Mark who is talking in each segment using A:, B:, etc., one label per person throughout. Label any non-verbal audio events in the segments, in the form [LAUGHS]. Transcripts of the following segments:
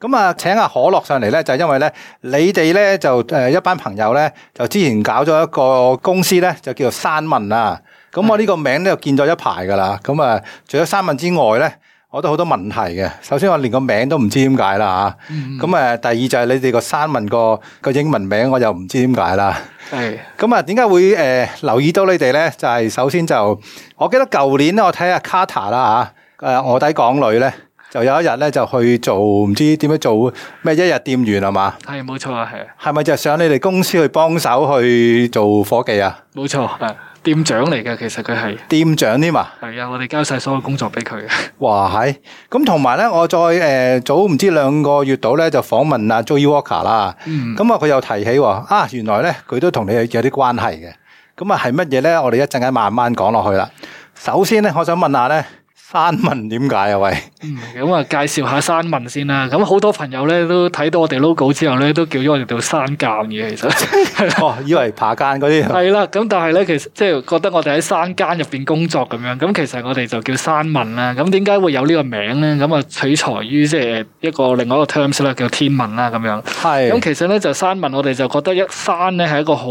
A: 咁啊，請阿可樂上嚟咧，就因為咧，你哋咧就誒一班朋友咧，就之前搞咗一個公司咧，就叫做山問啊。咁我呢個名咧就見咗一排噶啦。咁啊，除咗山問之外咧，我都好多問題嘅。首先我連個名都唔知點解啦吓。咁啊，第二就係你哋個山問個個英文名，我又唔知點解啦。
B: 係。
A: 咁啊，點解會誒留意到你哋咧？就係首先就，我記得舊年我睇下 Kata 啦吓。誒，臥底港女咧。就有一日咧，就去做唔知點樣做咩一日店員係嘛？
B: 係冇錯啊，係
A: 係咪就上你哋公司去幫手去做伙計啊？
B: 冇錯，係店長嚟嘅，其實佢係店長添啊？係啊，我哋交晒所有工作俾佢。
A: 哇係！咁同埋咧，我再誒早唔知兩個月度咧，就訪問阿 Joey Walker 啦。嗯。咁啊，佢又提起，啊原來咧佢都同你有啲關係嘅。咁啊，係乜嘢咧？我哋一陣間慢慢講落去啦。首先咧，我想問下咧。山
B: 問點解啊？喂，咁 [LAUGHS] 啊、嗯，介紹下山問先啦。咁好多朋友咧都睇到我哋 logo 之後咧，都叫咗我哋做山間嘅。其實， [LAUGHS] 哦，以為爬間嗰啲係啦。咁但係咧，其實即係覺得我哋喺山間入邊工作咁樣。咁其實我哋就叫山問啦。咁點解會有呢個名咧？咁啊取材於即係一個另外一個 terms 啦，叫天文啦咁樣。係是的、嗯。咁其實咧就山問，我哋就覺得一山咧係一個好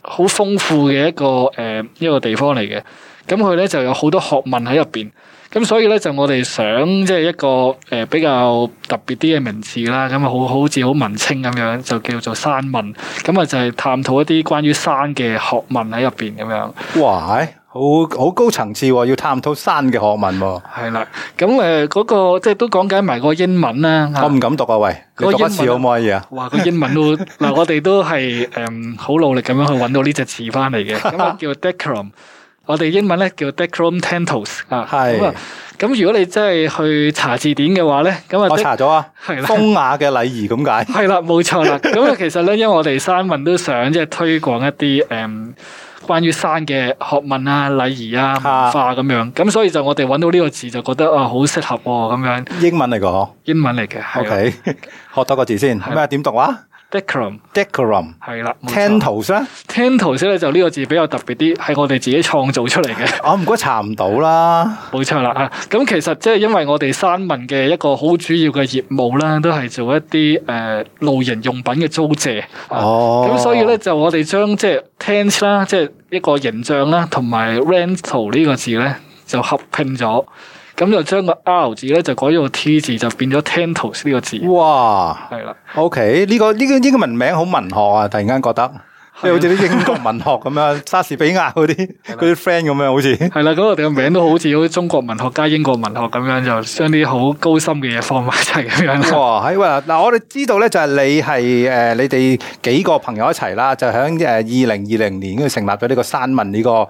B: 好豐富嘅一個誒一,一個地方嚟嘅。咁佢咧就有好多學問喺入邊。咁所以咧就我哋想即係一個誒、呃、比較特別啲嘅名字啦，咁啊好好似好文青咁樣，就叫做山問。咁啊就係探討一啲關於山嘅學問喺入邊咁樣。哇，好好高層次、哦，要探討山嘅學問、哦。係啦，咁誒嗰個即係都講緊埋個英文啦。我唔敢讀啊，喂，讀一次好唔可以啊？哇，那個英文都嗱、 [LAUGHS] 呃，我哋都係誒好努力咁樣去揾到呢隻詞翻嚟嘅，咁、那、啊、個、叫 decalum。我哋英文咧叫 decorum tentos 是啊，咁啊，咁如果你真係去查字典嘅話咧，咁啊，我查咗啊，係啦的，風雅嘅禮儀咁解，係啦，冇錯啦。咁啊、 [LAUGHS] 嗯，其實咧，因為我哋山問都想即係推廣一啲誒、嗯、關於山嘅學問啊、禮儀啊、文化咁樣，咁所以就我哋揾到呢個字就覺得啊，好適合喎、啊、咁樣。英文嚟嘅，英文嚟嘅，OK，學多個字先，
A: 咩點的的讀啊？
B: decalum，decalum 係啦 Tental，Tental 咧就呢個字比較特別啲，係我哋自己創造出嚟嘅、 [LAUGHS] 啊。 [LAUGHS] 啊，唔該查唔到啦，冇錯啦啊。咁其實即係因為我哋山問嘅一個好主要嘅業務啦，都係做一啲誒、呃、露營用品嘅租借。啊、哦，咁所以咧就我哋將即係、就是、tent 啦，即、就、係、是、一個形象啦，同埋 rental 呢個字咧就合拼咗。咁就將個 R 字咧，就改咗做 T 字，就變咗 tent 呢個字。哇！係啦的
A: ，OK，呢個呢個英文名好文學啊！突然間覺得，即的好似啲英國文學咁樣，
B: 莎的士比亞嗰啲嗰啲 friend 咁樣好，好似係啦。咁我哋嘅名都好似好似中國文學加英國文學咁樣，就將啲好高深嘅嘢放埋一齊咁樣。哇！喺喂，嗱，我哋知道咧，就係
A: 你係誒，你哋幾個朋友一齊啦，就喺誒二零二零年跟成立咗呢個山問呢個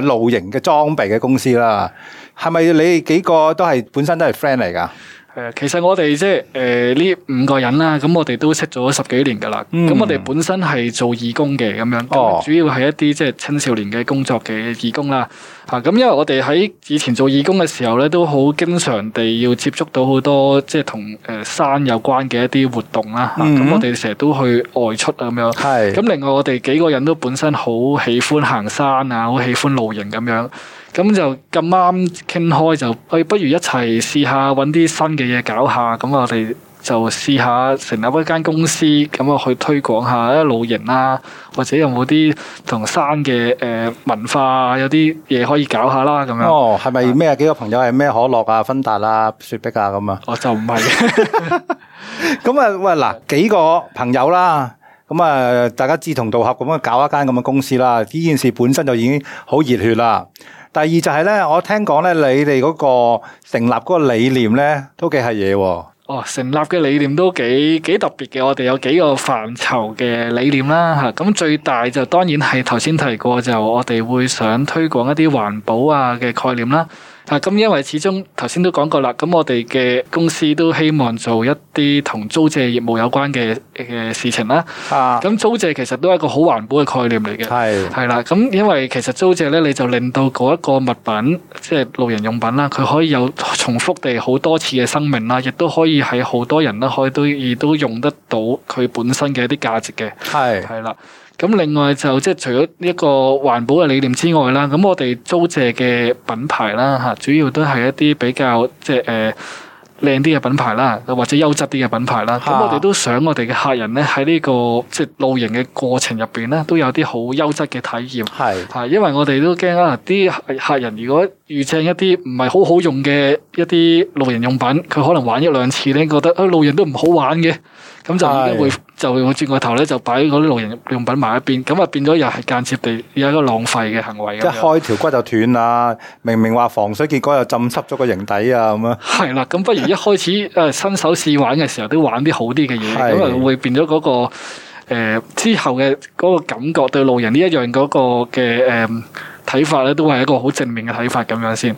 A: 露營嘅裝備嘅公司啦。嗯係咪你哋幾個都係本身都係 friend 嚟噶？
B: 誒，其實我哋即係誒呢五個人啦，咁我哋都識咗十幾年噶啦。咁、嗯、我哋本身係做義工嘅咁樣，哦、主要係一啲即係青少年嘅工作嘅義工啦。吓、啊、咁，因為我哋喺以前做義工嘅時候咧，都好經常地要接觸到好多即係同誒山有關嘅一啲活動啦。咁、啊嗯啊、我哋成日都去外出啊咁樣。係。咁另外我哋幾個人都本身好喜歡行山啊，好喜歡露營咁樣。咁就咁啱傾開，就可以不如一齊試下揾啲新嘅嘢搞下。咁我哋就試下成立一間公司，咁啊去推廣下啲露營啦，或者有冇啲同山嘅誒文化啊，有啲嘢可以搞下啦。咁樣哦，
A: 係咪咩幾個
B: 朋友係咩可樂
A: 啊、芬達啦、雪碧啊咁啊？我就唔係。咁啊，喂嗱，幾個朋友啦，咁啊，大家志同道合咁樣搞一間咁嘅公司啦。呢件事本身就已經好熱血啦。第二就係咧，我聽講咧，你哋嗰個
B: 成立嗰個理念咧，
A: 都幾係嘢喎。
B: 哦，成立嘅理念都幾幾特別嘅。我哋有幾個範疇嘅理念啦，嚇、嗯。咁最大就當然係頭先提過就，就我哋會想推廣一啲環保啊嘅概念啦。啊，咁因為始終頭先都講過啦，咁我哋嘅公司都希望做一啲同租借業務有關嘅嘅事情啦。啊，咁租借其實都係一個好環保嘅概念嚟嘅。係的。係啦的，咁因為其實租借咧，你就令到嗰一個物品，即係露營用品啦，佢可以有重複地好多次嘅生命啦，亦都可以喺好多人啦，可以都亦都用得到佢本身嘅一啲價值嘅。係的。係啦。咁另外就即係除咗呢一個環保嘅理念之外啦，咁我哋租借嘅品牌啦嚇，主要都係一啲比較即係誒靚啲嘅品牌啦，或者優質啲嘅品牌啦。咁、啊、我哋都想我哋嘅客人咧喺呢個即係、就是、露營嘅過程入邊咧，都有啲好優質嘅體驗。係，係因為我哋都驚啊啲客人如果遇正一啲唔係好好用嘅一啲露營用品，佢可能玩一兩次咧，覺得啊露營都唔好玩嘅，咁就已就會轉個頭咧，就擺嗰啲露營用品埋一邊，咁啊變咗又係間接地有一個浪費嘅行為。一係開一
A: 條骨就斷啦，明明話防水，結果又浸濕咗個營底啊，
B: 咁啊。係啦，咁不如一開始誒 [LAUGHS] 新手試玩嘅時候，都玩啲好啲嘅嘢，咁啊會變咗嗰、嗰個、呃、之後嘅嗰個感覺對露營呢一樣嗰個嘅誒睇法咧，都係一個好正面嘅睇法咁樣先。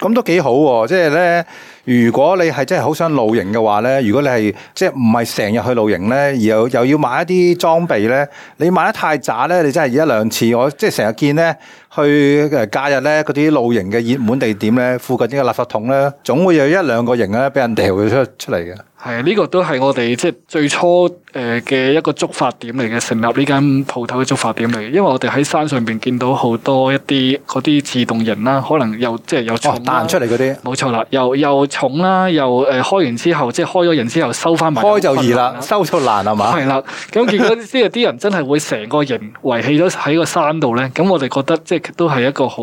B: 咁都幾好喎，即係咧。
A: 如果你係真係好想露營嘅話咧，如果你係即係唔係成日去露營咧，而又又要買一啲裝備咧，你買得太渣咧，你真係一兩次，我即係成日見咧去誒假日咧嗰啲露營嘅熱門地點咧，附近呢個垃圾桶咧，總會有一兩個營咧俾人掉攪咗出嚟嘅。
B: 係呢個都係我哋即係最初誒嘅一個觸發點嚟嘅，成立呢間鋪頭嘅觸發點嚟。因為我哋喺山上邊見到好多一啲嗰啲自動營啦，可能又即係有重、哦、彈出嚟嗰啲，冇錯啦，又又重啦，又誒開完之後即係開咗營之後收翻埋，開就易啦，收就難係嘛？係啦、嗯，咁見到即係啲人真係會成個營遺棄咗喺個山度咧，咁、 [LAUGHS] 嗯、我哋覺得即係都係一個好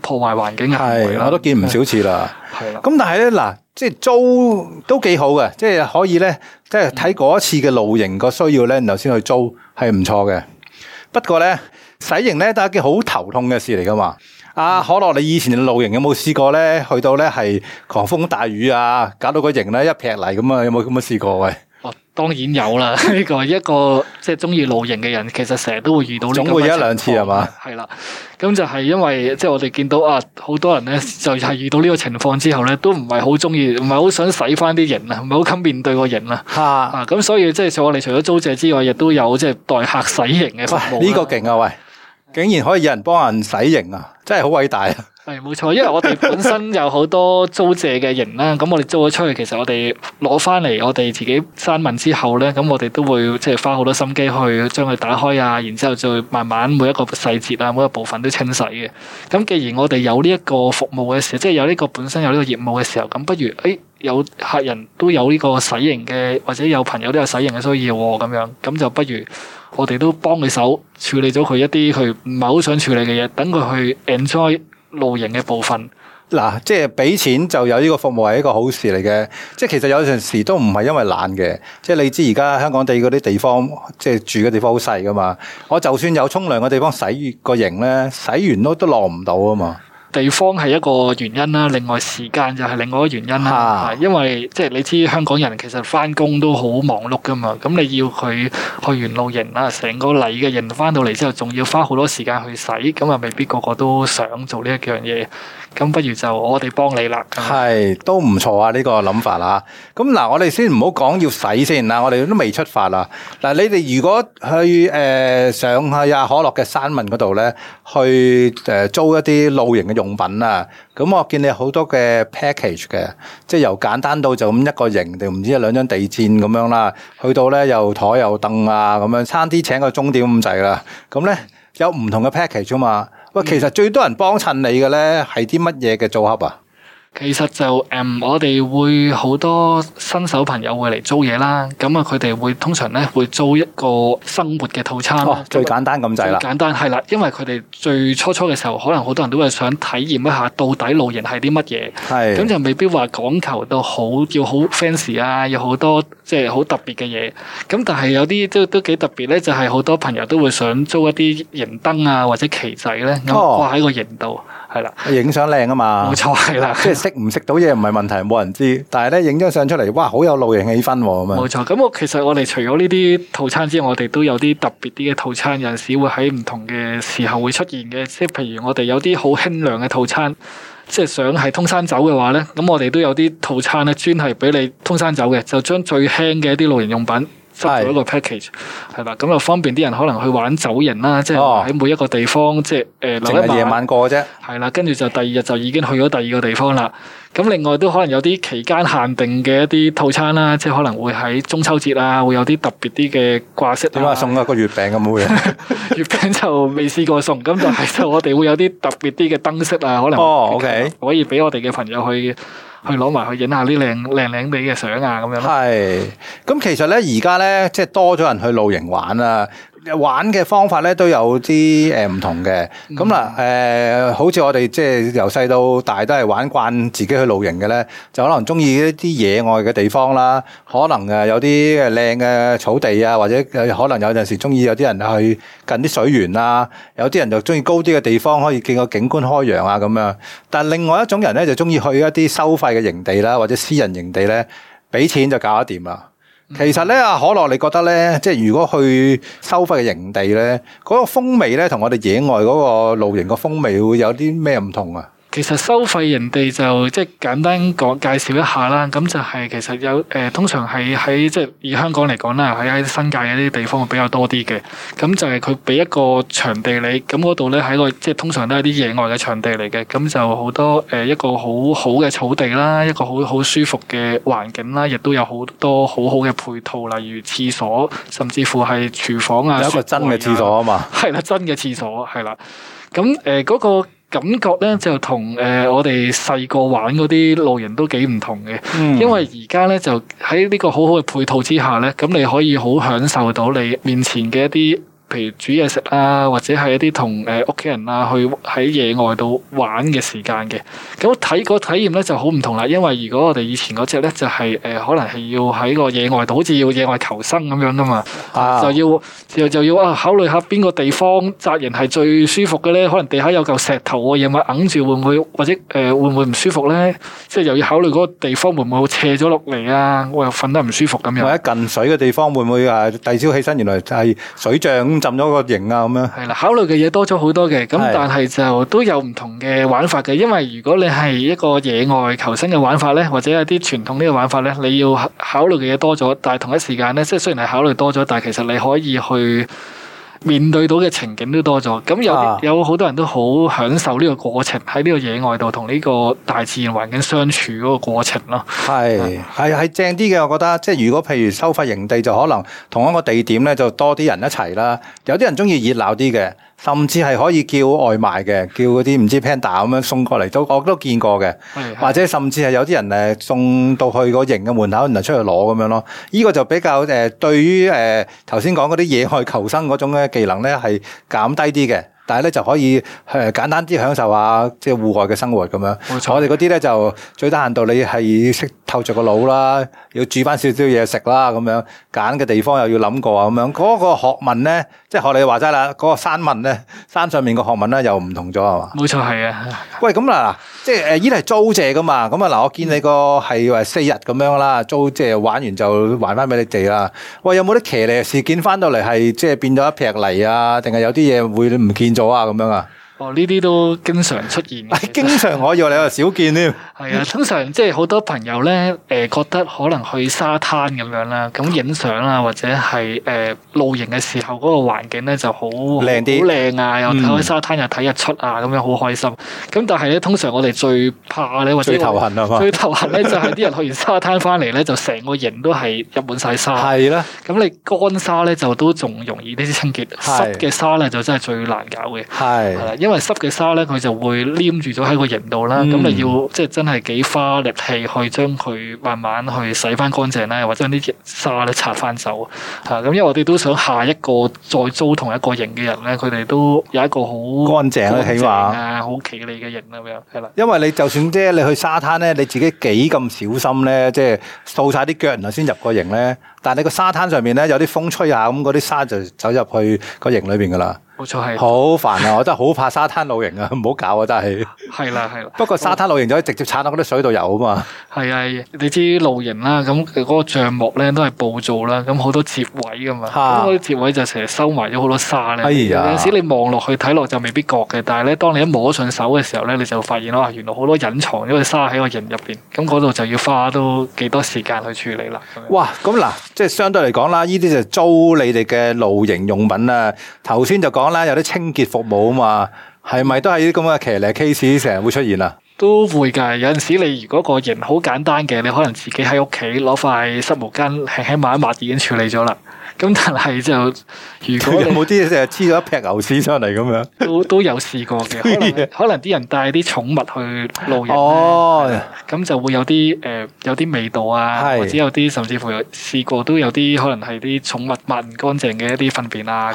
B: 破壞環境行為啦。係，我都見唔少
A: 次啦。係啦，咁的但係咧嗱。即係租都幾好嘅，即係可以咧，即係睇嗰次嘅露營個需要咧，然後先去租係唔錯嘅。不過咧，洗營咧都係一件好頭痛嘅事嚟噶嘛。阿、啊、可樂，你以前露營有冇試過咧？去到咧係狂風大雨啊，搞到個營咧一劈嚟咁啊，有冇咁嘅試過喂？
B: 當然有啦，呢個係一個即係中意露營嘅人，其實成日都會遇到呢個情況。總會一兩次係嘛？係啦，咁就係因為即係我哋見到啊，好多人咧就係遇到呢個情況之後咧，都唔係好中意，唔係好想洗翻啲營啊，唔係好襟面對個營啊。嚇咁 [LAUGHS] 所以即係我哋除咗租借之外，亦都有即係代客洗營嘅服務。呢、哎這個勁啊！喂，竟然可以有人幫人洗營啊！真係好偉大啊！係冇錯，因為我哋本身有好多租借嘅營啦，咁 [LAUGHS] 我哋租咗出去，其實我哋攞翻嚟，我哋自己翻民之後咧，咁我哋都會即係花好多心機去將佢打開啊，然之後再慢慢每一個細節啊，每一個部分都清洗嘅。咁既然我哋有呢一個服務嘅時候，即係有呢個本身有呢個業務嘅時候，咁不如誒、哎，有客人都有呢個洗營嘅，或者有朋友都有洗營嘅需要咁樣，咁就不如我哋都幫佢手處理咗佢一啲佢唔係好想處理嘅嘢，等佢去 enjoy。露營嘅部分，嗱、啊，即係俾錢就有呢個服
A: 務係一個好事嚟嘅。即係其實有陣時都唔係因為懶嘅，即係你知而家香港地嗰啲地方，即係住嘅地方好細㗎嘛。我就算有沖涼嘅地方洗個營咧，洗完都都落唔到啊嘛。
B: 地方係一個原因啦，另外時間又係另外一個原因啦，因為即係你知香港人其實返工都好忙碌㗎嘛，咁你要去去完露營啦，成個泥嘅營返到嚟之後，仲要花好多時間去洗，咁啊未必個個都想做呢一樣嘢，咁不如就我哋幫你啦。係，
A: 都唔錯啊呢個諗法啦，咁嗱我哋先唔好講要洗先啦，我哋都未出發啦。嗱你哋如果去誒上去阿可樂嘅山問嗰度咧，去誒租一啲露營嘅用品啊，咁我見你好多嘅 package 嘅，即係由簡單到就咁一個營定，唔知一兩張地氈咁樣啦，去到咧又台又凳啊咁樣，差啲請個鐘點咁滯啦，咁咧有唔同嘅 package 嘛，喂，其實最多人幫襯你嘅咧係啲乜嘢嘅組合啊？
B: 其實就誒，我哋會好多新手朋友會嚟租嘢啦。咁啊，佢哋會通常咧會租一個生活嘅套餐。哦，就最簡單咁就係啦。最簡單係啦，因為佢哋最初初嘅時候，可能好多人都係想體驗一下到底露營係啲乜嘢。係。咁就未必話講求到好，要好 fancy 啊，要好多。即係好特別嘅嘢，咁但係有啲都都幾特別咧，就係、是、好多朋友都會想租一啲營燈啊，或者旗仔咧，咁掛喺個營度，係啦，影相靚啊嘛，
A: 冇錯係啦，的即係識唔識到嘢唔係問題，冇人知，但係咧影張相出嚟，哇，好有露營氣氛喎，咁樣，冇錯，
B: 咁、嗯、我其實我哋除咗呢啲套餐之外，我哋都有啲特別啲嘅套餐，有陣時會喺唔同嘅時候會出現嘅，即係譬如我哋有啲好輕量嘅套餐。即係想係通山走嘅話咧，咁我哋都有啲套餐咧，專係俾你通山走嘅，就將最輕嘅一啲露營用品。執咗一個 package，係啦，咁就方便啲人可能去玩走人啦，即係喺每一個地方，哦、即係誒、呃、留喺夜晚，晚過啫。係啦，跟住就第二日就已經去咗第二個地方啦。咁另外都可能有啲期間限定嘅一啲套餐啦，即係可能會喺中秋節啊，會有啲特別啲嘅掛飾、啊。你話、嗯、送一個月餅咁會唔、啊、 [LAUGHS] 月餅就未試過送，咁就係就我哋會有啲特別啲嘅燈飾啊，可能哦，OK，可以俾我哋嘅朋友去。去攞埋去影下啲靚靚靚地嘅相啊，咁樣。係，咁其實咧而家咧，即係多
A: 咗人去露營玩啊。玩嘅方法咧都有啲誒唔同嘅，咁啦誒，好似我哋即係由細到大都係玩慣自己去露營嘅咧，就可能中意一啲野外嘅地方啦，可能誒有啲誒靚嘅草地啊，或者可能有陣時中意有啲人去近啲水源啊，有啲人就中意高啲嘅地方可以見個景觀開揚啊咁樣，但係另外一種人咧就中意去一啲收費嘅營地啦，或者私人營地咧，俾錢就搞得掂啦。嗯、其實咧，阿可樂，你覺得咧，即係如果去收費嘅營地咧，嗰、嗰個風味咧，同我哋野外嗰個露營個風味會有啲咩唔同啊？
B: 其實收費人哋就即係簡單講介紹一下啦，咁就係其實有誒、呃，通常係喺即係以香港嚟講啦，喺新界嘅啲地方會比較多啲嘅。咁就係佢俾一個場地你，咁嗰度咧喺個即係通常都係啲野外嘅場地嚟嘅，咁就好多誒一個好好嘅草地啦，一個好好舒服嘅環境啦，亦都有好多好好嘅配套，例如廁所，甚至乎係廚房啊。有一個真嘅廁所啊嘛。係啦，真嘅廁所係啦，咁誒嗰個。感覺咧就同誒我哋細個玩嗰啲露營都幾唔同嘅，嗯、因為而家咧就喺呢個好好嘅配套之下咧，咁你可以好享受到你面前嘅一啲。譬如煮嘢食啊，或者係一啲同誒屋企人啊去喺野外度玩嘅時間嘅，咁睇個體驗咧就好唔同啦。因為如果我哋以前嗰隻咧就係、是、誒、呃、可能係要喺個野外度，好似要野外求生咁樣噶嘛、啊哦就，就要就要啊考慮下邊個地方紮營係最舒服嘅咧。可能地下有嚿石頭喎，有冇揞住會唔會或者誒、呃、會唔會唔舒服咧？即係又要考慮嗰個地方會唔會好斜咗落嚟啊？我又瞓得唔舒服咁樣，或者
A: 近水嘅地方會唔會啊？第
B: 二朝起身原來就係水漲。浸咗個型啊咁樣，係啦、嗯，考慮嘅嘢多咗好多嘅，咁但係就都有唔同嘅玩法嘅。因為如果你係一個野外求生嘅玩法咧，或者係啲傳統呢個玩法咧，你要考慮嘅嘢多咗，但係同一時間咧，即係雖然係考慮多咗，但係其實你可以去。面對到嘅情景都多咗，咁有、啊、有好多人都好享受呢個過程，喺呢個野外度同呢個大自然環境相處嗰個過程咯。係
A: 係係正啲嘅，我覺得，即係如果譬如收費營地，就可能同一個地點咧就多啲人一齊啦。有啲人中意熱鬧啲嘅，甚至係可以叫外賣嘅，叫嗰啲唔知 Panda 咁樣送過嚟，我都我都見過嘅。或者甚至係有啲人誒送到去個營嘅門口，然後出去攞咁樣咯。呢、這個就比較誒對於誒頭先講嗰啲野外求生嗰種咧。技能呢係減低啲嘅。但係咧就可以誒，簡單啲享受下即係戶外嘅生活咁樣，冇錯。我哋嗰啲咧就最低限度你係要識透着個腦啦，要煮翻少少嘢食啦咁樣，揀嘅地方又要諗過啊咁樣。嗰個學問咧，即係學你話齋啦，嗰個山問咧，山上面嘅學問咧又唔同咗係嘛？冇錯，係啊。喂，咁嗱，即係誒依啲係租借噶嘛。咁啊嗱，我見你個係話四日咁樣啦，嗯、租借玩完就還翻俾你哋啦。喂，有冇啲騎呢事件翻到嚟係即係變咗一劈泥啊？定係有啲嘢會唔見做啊，咁樣啊。 [NOISE]
B: 哦，呢啲都經常出現。經常可以的我以，我以為你話少見添。係啊，通常即係好多朋友咧，誒覺得可能去沙灘咁樣啦，咁影相啊，或者係誒露營嘅時候，嗰個環境咧就好好靚啊，又睇開沙灘又睇日出啊，咁、嗯、樣好開心。咁但係咧，通常我哋最怕咧，或者最頭痕啊嘛。最頭痕咧就係啲人去完沙灘翻嚟咧，呵呵就成個營都係入滿晒沙。係啦的。咁你乾沙咧就都仲容易啲清潔，濕嘅的沙咧就真係最難搞嘅。係的。啦，因因為濕嘅沙咧，佢就會黏住咗喺個營度啦。咁你、嗯、要即係真係幾花力氣去將佢慢慢去洗翻乾淨咧，或者啲沙咧擦翻走吓。咁、啊、因為我哋都想下一個再租同一個營嘅人咧，佢哋都有一個好乾淨嘅起話啊，好企理嘅營咁樣。係啦，因為你就算即係你去沙灘咧，你自己幾咁
A: 小心咧，即係掃晒啲腳然後先入個營咧。但係你個沙灘上面咧，有啲風吹下咁，嗰啲沙就走入去個營裏邊噶啦。
B: 冇錯，係好
A: 煩啊！我真係好怕沙灘露營啊，唔好搞啊！真係。係啦 [LAUGHS] ，
B: 係啦。不
A: 過沙灘露營就可以直接踩到嗰啲水度游啊嘛。
B: 係啊，你知露營啦，咁、那、嗰個帳幕咧都係布做啦，咁好多折位噶嘛。咁嗰啲折位就成日收埋咗好多沙咧。哎呀！有陣時你望落去睇落就未必覺嘅，但係咧當你一摸上手嘅時候咧，你就發現哇、啊，原來好多隱藏咗嘅沙喺個營入邊。咁嗰度就要花都幾多時間去處理啦。
A: 哇，咁嗱、啊。即係相對嚟講啦，呢啲就租你哋嘅露營用品啊。頭先就講啦，有啲清潔服務啊嘛，係咪都係啲咁嘅騎呢 case 成日會出現啊？
B: 都會㗎。有陣時你如果個型好簡單嘅，你可能自己喺屋企攞塊濕毛巾輕輕抹一抹已經處理咗啦。咁 [LAUGHS] 但係就，如果有冇
A: 啲嘢，成日黐咗一劈牛屎上嚟咁樣，
B: 都都有試過嘅。 [LAUGHS] 可能可能啲人帶啲寵物去露營咧，咁、哦嗯、就會有啲誒、呃、有啲味道啊，是 或者有啲甚至乎有試過都有啲可能係啲寵物抹唔乾淨嘅一啲糞便啊，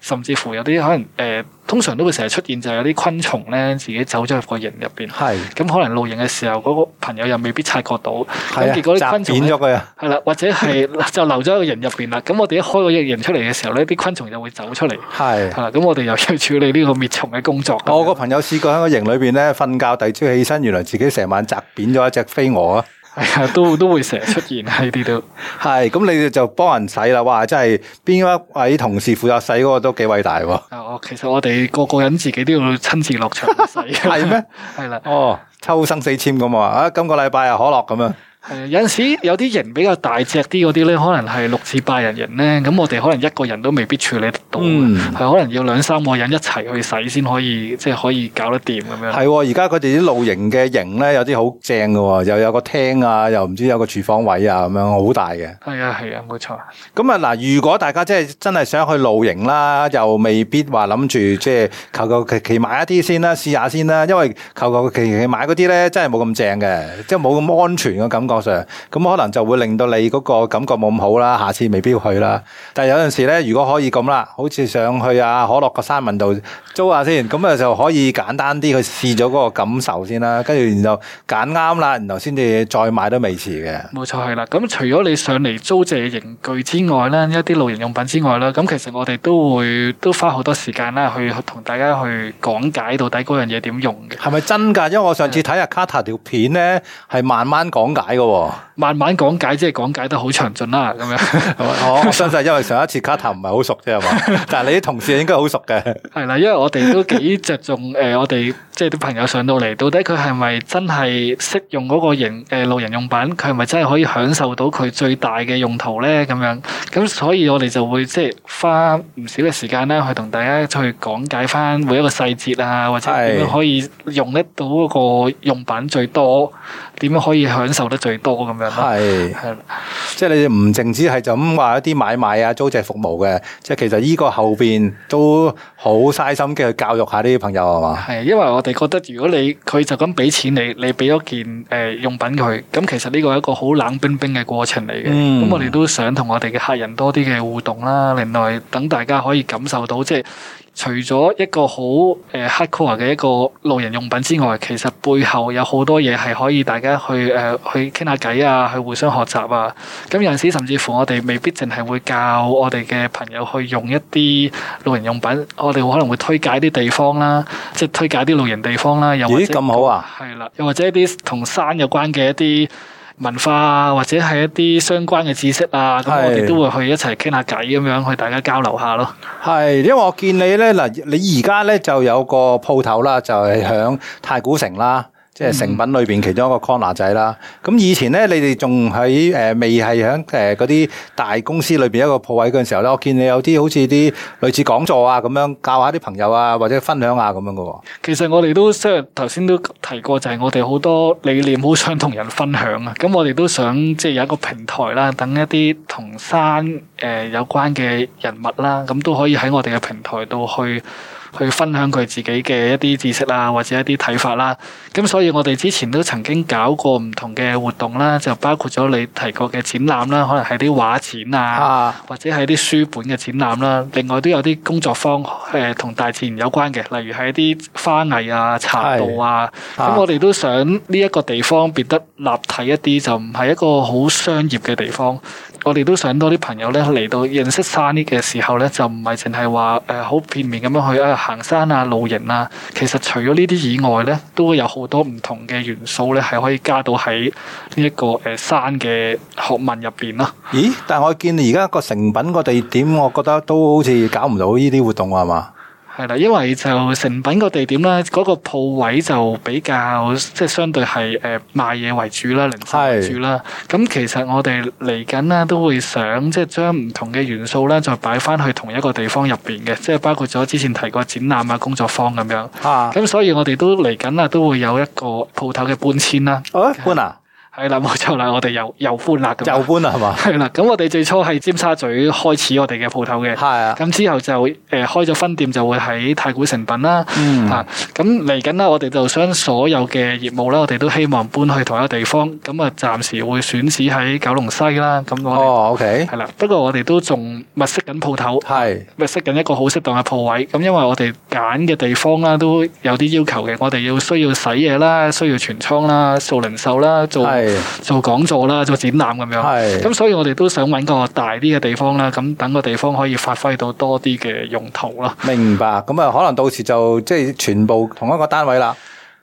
B: 甚至乎有啲可能誒、啊。是 通常都會成日出現，就係有啲昆蟲咧，自己走咗入個營入邊。係咁的，可能露營嘅時候，嗰、嗰個朋友又未必察覺到。係啊的，咁結果啲昆蟲咧，係啦了，或者係就留咗喺個營入邊啦。咁 [LAUGHS] 我哋一開一個營出嚟嘅時候咧，啲昆蟲就會走出嚟。係的。係啦，咁我哋又要處理呢個滅蟲嘅工作。
A: 我個朋友試過喺個營裏邊咧瞓覺，第二朝起身，原來自己成晚摘扁咗一隻飛蛾啊！係啊， [LAUGHS] 都都會成日出現喺呢度，都係， [LAUGHS] 咁你哋就幫人洗啦，哇！真係邊一位同事負責洗嗰個都幾偉大喎。啊，我其實我哋個個人自己都要親
B: 自落場洗，係咩？係啦，哦，抽生死籤咁啊！啊，今個禮拜係可樂咁樣。係，有陣時有啲營比較大隻啲嗰啲咧，可能係六至八人營咧，咁我哋可能一個人都未必處理得到，係、嗯、可能要兩三個人一齊去洗先可以，即、就、係、是、可以搞得掂咁、嗯、樣。係喎，而
A: 家佢哋啲露營嘅營咧，有啲好正嘅喎，又有個廳啊，又唔知有個廚房位啊，咁樣好大嘅。係
B: 啊，係啊，冇錯。咁啊嗱，如果大
A: 家即係真係想去露營啦，又未必話諗住即係求求其其買一啲先啦，試下先啦，因為求求其其買嗰啲咧真係冇咁正嘅，即係冇咁安全嘅感覺。咁可能就會令到你嗰個感覺冇咁好啦，下次未必會去啦。但係有陣時咧，如果可以咁啦，好似上去啊可樂個山問度租下先，咁啊就可以簡單啲去試咗嗰個感受先啦、啊。跟住然後揀啱啦，然後先至再買都未遲嘅。
B: 冇錯係啦。咁除咗你上嚟租借型具之外咧，一啲露營用品之外啦，咁其實我哋都會都花好多時間啦，去同大家去講解到底嗰樣嘢點用嘅。係咪真㗎？因為我上次睇阿 Carter 條片咧，係慢慢講解慢慢講解，即係講解得好詳盡啦，咁樣。我相
A: 信因為上一次
B: 卡塔唔係好熟啫，係嘛？但係
A: 你啲同事應該好熟嘅。
B: 係啦，因為我哋都幾着重誒、 [LAUGHS] 呃，我哋即係啲朋友上到嚟，到底佢係咪真係識用嗰個型誒、路、呃、人用品，佢係咪真係可以享受到佢最大嘅用途咧？咁樣咁，所以我哋就會即係花唔少嘅時間啦，去同大家去講解翻每一個細節啊，或者點樣可以用得到嗰個用品最多。點樣可以享受
A: 得最多咁是吧樣咧？係，係，即係你唔淨止係就咁話一啲買賣啊、租借服務嘅，即係其實呢個後邊都好嘥心機去教育下呢啲朋友係嘛？
B: 係，因為我哋覺得如果你佢就咁俾錢你，你俾咗件誒、呃、用品佢，咁其實呢個係一個好冷冰冰嘅過程嚟嘅。咁、嗯嗯、我哋都想同我哋嘅客人多啲嘅互動啦，另外等大家可以感受到即係。除咗一個好 c 誒 hardcore 嘅一個露營用品之外，其實背後有好多嘢係可以大家去誒、呃、去傾下偈啊，去互相學習啊。咁有陣時甚至乎我哋未必淨係會教我哋嘅朋友去用一啲露營用品，我哋可能會推介啲地方啦，即係推介啲露營地方啦，又或者係，咦咁好啊？係啦，又或者一啲同山有關嘅一啲文化啊，或者係一啲相關嘅知識啊，咁是我哋都會去一齊傾下偈，咁樣去大家交流下咯。
A: 係，因為我見你咧，嗱，你而家咧就有個鋪頭啦，就係、是、響太古城啦。即係成品裏邊其中一個 corner 仔啦。咁以前咧，你哋仲喺誒未係響誒嗰啲大公司裏邊一個鋪位嗰陣時候咧，我見你有啲好似啲類似講座啊，咁樣教下啲朋友啊，或者分享下咁樣嘅喎。
B: 其實我哋都即係頭先都提過，就係我哋好多理念好想同人分享啊。咁我哋都想即係有一個平台啦，等一啲同山誒有關嘅人物啦，咁都可以喺我哋嘅平台度去。去分享佢自己嘅一啲知識啊，或者一啲睇法啦。咁所以我哋之前都曾經搞過唔同嘅活動啦，就包括咗你提過嘅展覽啦，可能係啲畫展啊，或者係啲書本嘅展覽啦。另外都有啲工作坊係同大自然有關嘅，例如係啲花藝啊、茶道啊。咁係。我哋都想呢一個地方變得立體一啲，就唔係一個好商業嘅地方。我哋都想多啲朋友咧嚟到認識山呢嘅時候咧，就唔係淨係話誒好片面咁樣去啊行山啊露營啊。其實除咗呢啲以外咧，都有好多唔同嘅元素咧，係可以加到喺呢一個誒、呃、山嘅學問入邊咯。咦？但係我見你而家個成品個地點，
A: 我覺得都好似搞唔到呢啲活動係嘛？
B: 係啦，因為就成品個地點咧，嗰、嗰個鋪位就比較即係相對係誒賣嘢為主啦，零售為主啦。咁是的 其實我哋嚟緊啦，都會想即係將唔同嘅元素咧，再擺翻去同一個地方入邊嘅，即係包括咗之前提過展覽啊、工作坊咁樣。嚇！咁所以我哋都嚟緊啦，都會有一個鋪頭嘅搬遷啦。誒搬啊！係啦，冇錯啦，我哋又又搬啦咁。又搬啦，係嘛？係啦，咁我哋最初係尖沙咀開始我哋嘅鋪頭嘅。係啊的。咁之後就誒、呃、開咗分店，就會喺太古城品啦。嗯。嚇、啊，咁嚟緊啦，我哋就將所有嘅業務啦，我哋都希望搬去同一個地方。咁啊，暫時會選址喺九龍西啦。咁我哋哦，OK。係啦，不過我哋都仲物色緊鋪頭。係的。物色緊一個好適當嘅鋪位。咁因為我哋揀嘅地方啦，都有啲要求嘅。我哋要需要洗嘢啦，需要存倉啦，做零售啦，做的。是做講座啦，做展覽咁樣。咁是所以我哋都想揾個大啲嘅地方啦，咁等個地方可以發揮到多啲嘅用途啦。
A: 明白。咁啊，可能到時就即係全部同一個單位啦。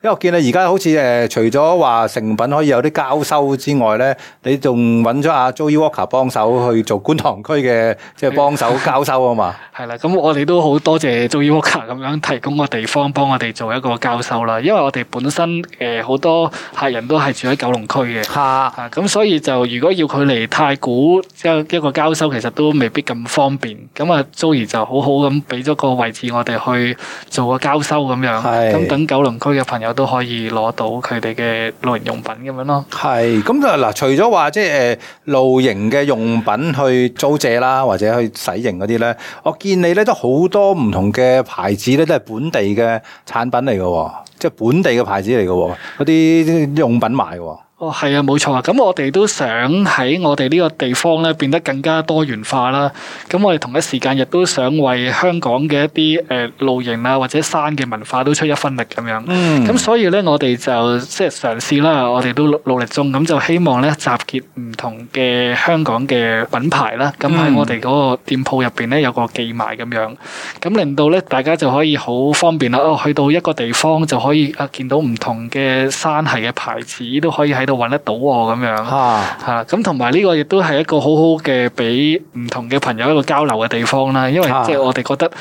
A: 因為我見你而家好似誒，除咗話成品可以有啲交收之外咧，你仲揾咗阿 Joy Walker 幫手去做觀塘區嘅即係幫手
B: 交收啊嘛。係啦， [LAUGHS] 咁我哋都好多謝 Joy Walker 咁樣提供個地方幫我哋做一個交收啦。因為我哋本身誒好、呃、多客人都係住喺九龍區嘅，嚇的，咁、啊、所以就如果要佢嚟太古一、即係、一個交收，其實都未必咁方便。咁啊，Joy 就好好咁俾咗個位置我哋去做個交收咁樣，咁的等九龍區嘅朋友。都可以攞到佢哋嘅露營用品咁樣
A: 咯。係，咁就嗱，除咗話即係誒露營嘅用品去租借啦，或者去洗營嗰啲咧，我見你咧都好多唔同嘅牌子咧，都係本地嘅產品嚟㗎喎，即係本地嘅牌子嚟㗎喎，嗰啲用品賣嘅喎。
B: 哦，係啊，冇錯啊。咁我哋都想喺我哋呢個地方咧變得更加多元化啦。咁我哋同一時間亦都想為香港嘅一啲誒露營啊，或者山嘅文化都出一分力咁樣，嗯。咁所以咧，我哋就即係嘗試啦。我哋都努力中，咁就希望咧集結唔同嘅香港嘅品牌啦。嗯。咁喺我哋嗰個店鋪入邊咧有個寄賣咁樣，咁令到咧大家就可以好方便啦。哦，去到一個地方就可以啊，見到唔同嘅山系嘅牌子都可以喺。搵得到喎，咁樣吓。咁同埋呢個亦都係一個好好嘅俾唔同嘅朋友一個交流嘅地方啦。因為即係我哋覺得誒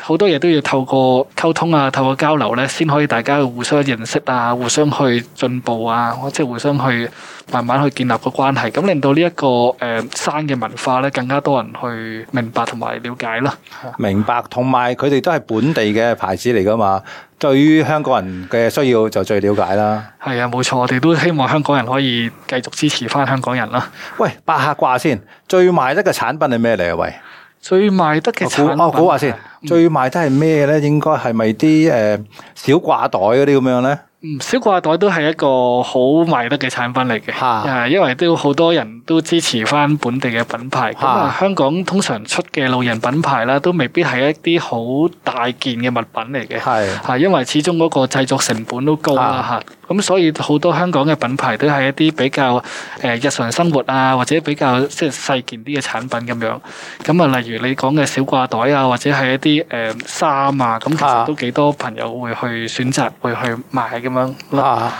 B: 好、呃、多嘢都要透過溝通啊，透過交流咧，先可以大家互相認識啊，互相去進步啊，即係互相去慢慢去建立個關係，咁令到呢、這、一個誒山嘅文化咧更加多人去明
A: 白同埋了解啦。明白，同埋佢哋都係本地嘅牌子嚟噶嘛。對於香港人嘅需要就最了解啦。
B: 係啊，冇錯，我哋都希望香港人可以繼續支持翻香港人啦。喂，八下卦先，最賣得嘅產品係咩嚟啊？喂，
A: 最賣得嘅產品，我估下先，嗯、最賣得係咩咧？應該係咪啲誒小掛袋嗰啲咁樣咧？
B: 嗯，小掛袋都係一個好賣得嘅產品嚟嘅，啊，因為都好多人都支持翻本地嘅品牌。咁啊，香港通常出嘅露營品牌啦，都未必係一啲好大件嘅物品嚟嘅，係，係因為始終嗰個製作成本都高啦，嚇、啊。啊。咁所以好多香港嘅品牌都係一啲比較誒日常生活啊，或者比較即係細件啲嘅產品咁樣。咁啊，例如你講嘅小掛袋啊，或者係一啲誒衫啊，咁其實都幾多朋友會去選擇會去買咁樣。咯、啊。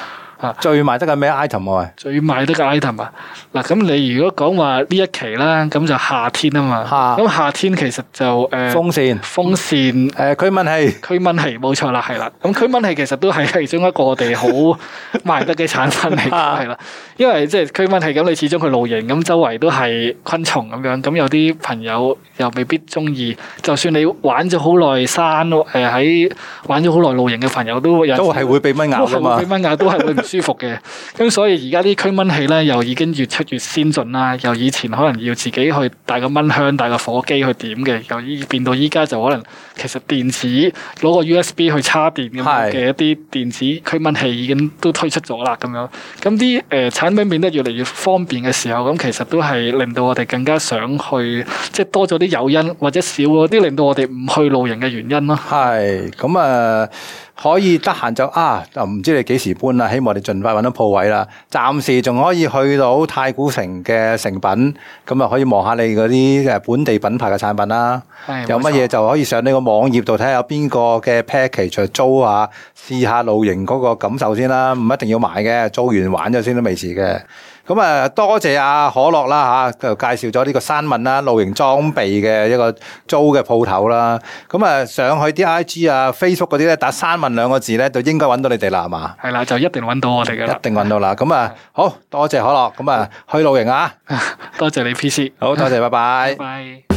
B: 最賣得嘅咩 item 啊？最賣得嘅 item 啊？嗱，咁你如果講話呢一期啦，咁就夏天啊嘛。咁、啊、夏天其實就誒、呃、風扇。風扇誒驅蚊器，驅蚊器冇錯啦，係啦。咁驅蚊器其實都係其中一個我哋好賣得嘅產生嚟㗎，係啦、 [LAUGHS] 啊。因為即係驅蚊器咁，你始終去露營，咁周圍都係昆蟲咁樣，咁有啲朋友又未必中意。就算你玩咗好耐山，誒喺、呃、玩咗好耐露營嘅朋友都有都係會被蚊咬㗎嘛。被蚊咬都係會。 [LAUGHS] 舒服嘅，咁所以而家啲驅蚊器咧又已經越出越先進啦。由以前可能要自己去帶個蚊香、帶個火機去點嘅，又而變到依家就可能其實電子攞個 USB 去插電咁嘅一啲電子驅蚊器已經都推出咗啦。咁樣，咁啲誒產品變得越嚟越方便嘅時候，咁其實都係令到我哋更加想去，即係多咗啲誘因，或者少啲令到我哋唔去露營嘅原因咯。係咁啊，可
A: 以得閒就啊，就唔知你幾時搬啦。希望你。盡快揾到鋪位啦！暫時仲可以去到太古城嘅成品，咁啊，可以望下你嗰啲誒本地品牌嘅產品啦。是有乜嘢就可以上呢個網頁度睇下有邊個嘅 package 出租啊，試下露營嗰個感受先啦。唔一定要買嘅，租完玩咗先都未遲嘅。咁啊，多謝阿可樂啦嚇，就介紹咗呢個山問啦，露營裝備嘅一個租嘅鋪頭啦。咁啊，上去啲 IG 啊、Facebook 嗰啲咧，打山問兩個字咧，就應該揾到你哋啦，係嘛？係啦，就一定揾到我哋嘅啦。一定揾到啦。咁啊，好，多謝可樂。咁啊，去露營啊！多謝你 PC。好，多謝，拜拜。拜拜。